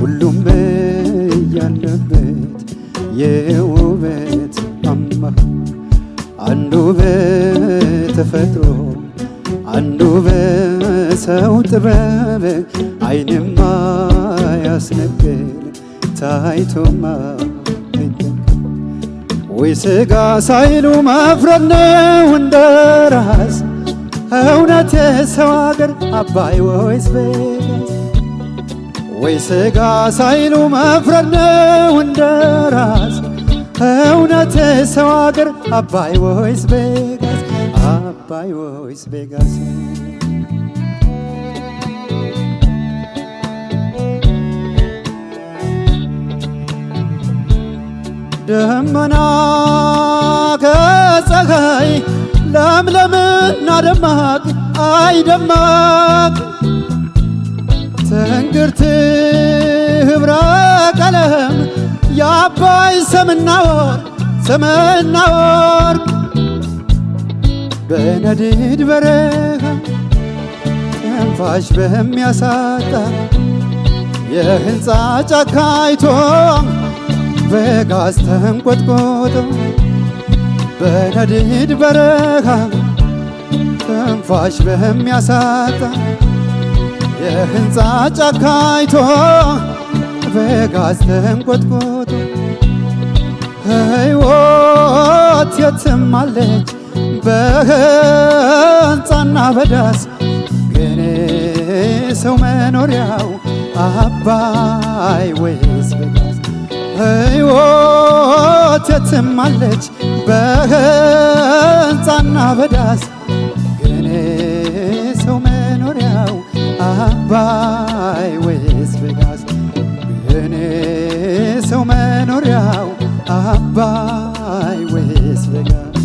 ሁሉም በያለበት የውበት አምላክ አንዱ በተፈጥሮ አንዱ በሰው ጥበብ አይንማ ያስነግል ታይቶማ ወይ ስጋ ሳይሉ መፍረድ ነው እንደ ራስ እውነት የሰው አገር አባይ ወይስ ወይ ስጋ ሳይሉ መፍረድ ነው እንደራስ እውነት ሰው አገር አባይ ወይስ ቤጋስ አባይ ወይስ ቤጋስ ደመና ከፀሐይ ለምለምና ደማቅ አይ ደማቅ ትንግርት ህብረ ቀለም የአባይ ሰምና ወርቅ ሰምና ወርቅ በነድድ በረሃ ትንፋሽ በሚያሳጣ የህንፃ ጫካይቶ በጋዝ ተንቆጥቆጦ በነድድ በረሃ ትንፋሽ በሚያሳጣ የህንፃ ጫካ አይቶ በጋዝ ተንቆጥቁጦ ህይወት የትም አለች በህንፃና በዳስ ግን ሰው መኖሪያው አባይ ወይስ በጋዝ? ህይወት የትም አለች በህንፃና በዳስ ግን ባይ ወይስ ቬጋስ የኔ ሰው መኖሪያው አባይ ወይስ ቬጋስ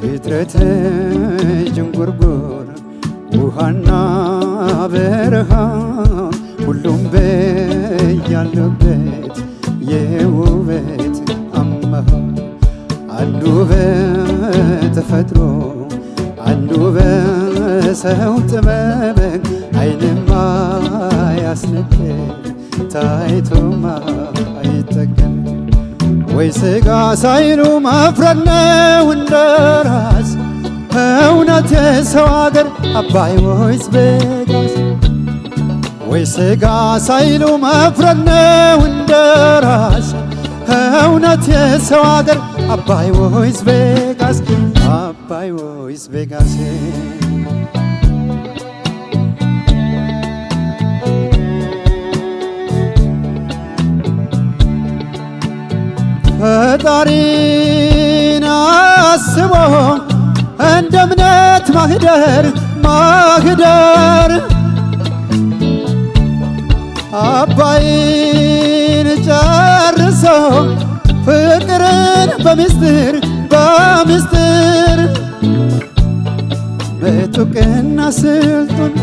ፍጥረት ዥንጉርጉር ውሃና በረሃ ሁሉም በያለበት የውበት አመሃ አሉበት ተፈጥሮ አንዱ በሰው ጥበብን አይንማ ያስንቅ ታይቶማ አይጠገም ወይ ስጋ ሳይሉ ማፍረድ ነው እንደራስ እውነት የሰው አገር አባይ ወይስ ቬጋስ ወይ ስጋ ሳይሉ መፍረድ ነው እንደራስ እውነት የሰው አገር አባይ ወይስ ቬጋስ አባይ ወይስ ቬጋስ ፈጣሪን አስቦ እንደ እምነት ማህደር ማህደር አባይን ጨርሰው በምስጢር በምስጢር በጥብቅና ስልጡን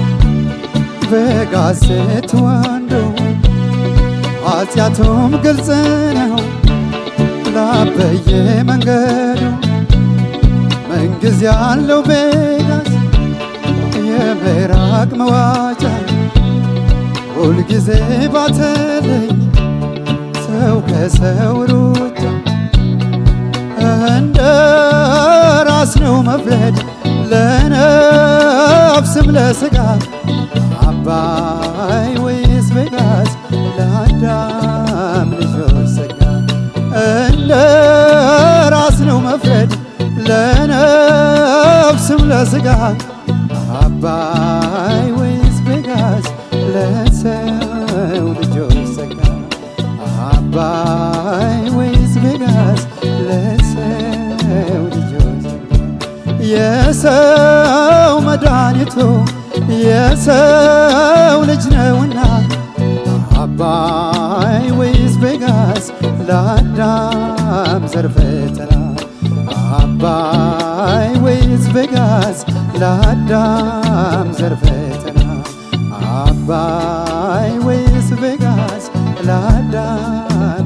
በጋዜት ዋንዶ ኃጢአቱም ግልጽ ነው ላበየ መንገዱ መንግዝ ያለው ቤዳስ የምዕራቅ መዋጫ ሁልጊዜ ባተለኝ ሰው ከሰው ሩቅ እንደ ራስ ነው መፍረድ ለነፍስም ለሥጋ አባይ ወይስ ቬጋስ ለአዳም ልጆች ሥጋ እንደ ራስ ነው መፍረድ ለነፍስም ለሥጋ አባይ ወይስ ቬጋስ የሰው መድኃኒቱ የሰው ልጅ ነውና አባይ ወይስ ቬጋስ ለአዳም ዘር ፈጠራ አባይ ወይስ ቬጋስ ለአዳም ዘር ፈጠራ አባይ ወይስ ቬጋስ ለአዳም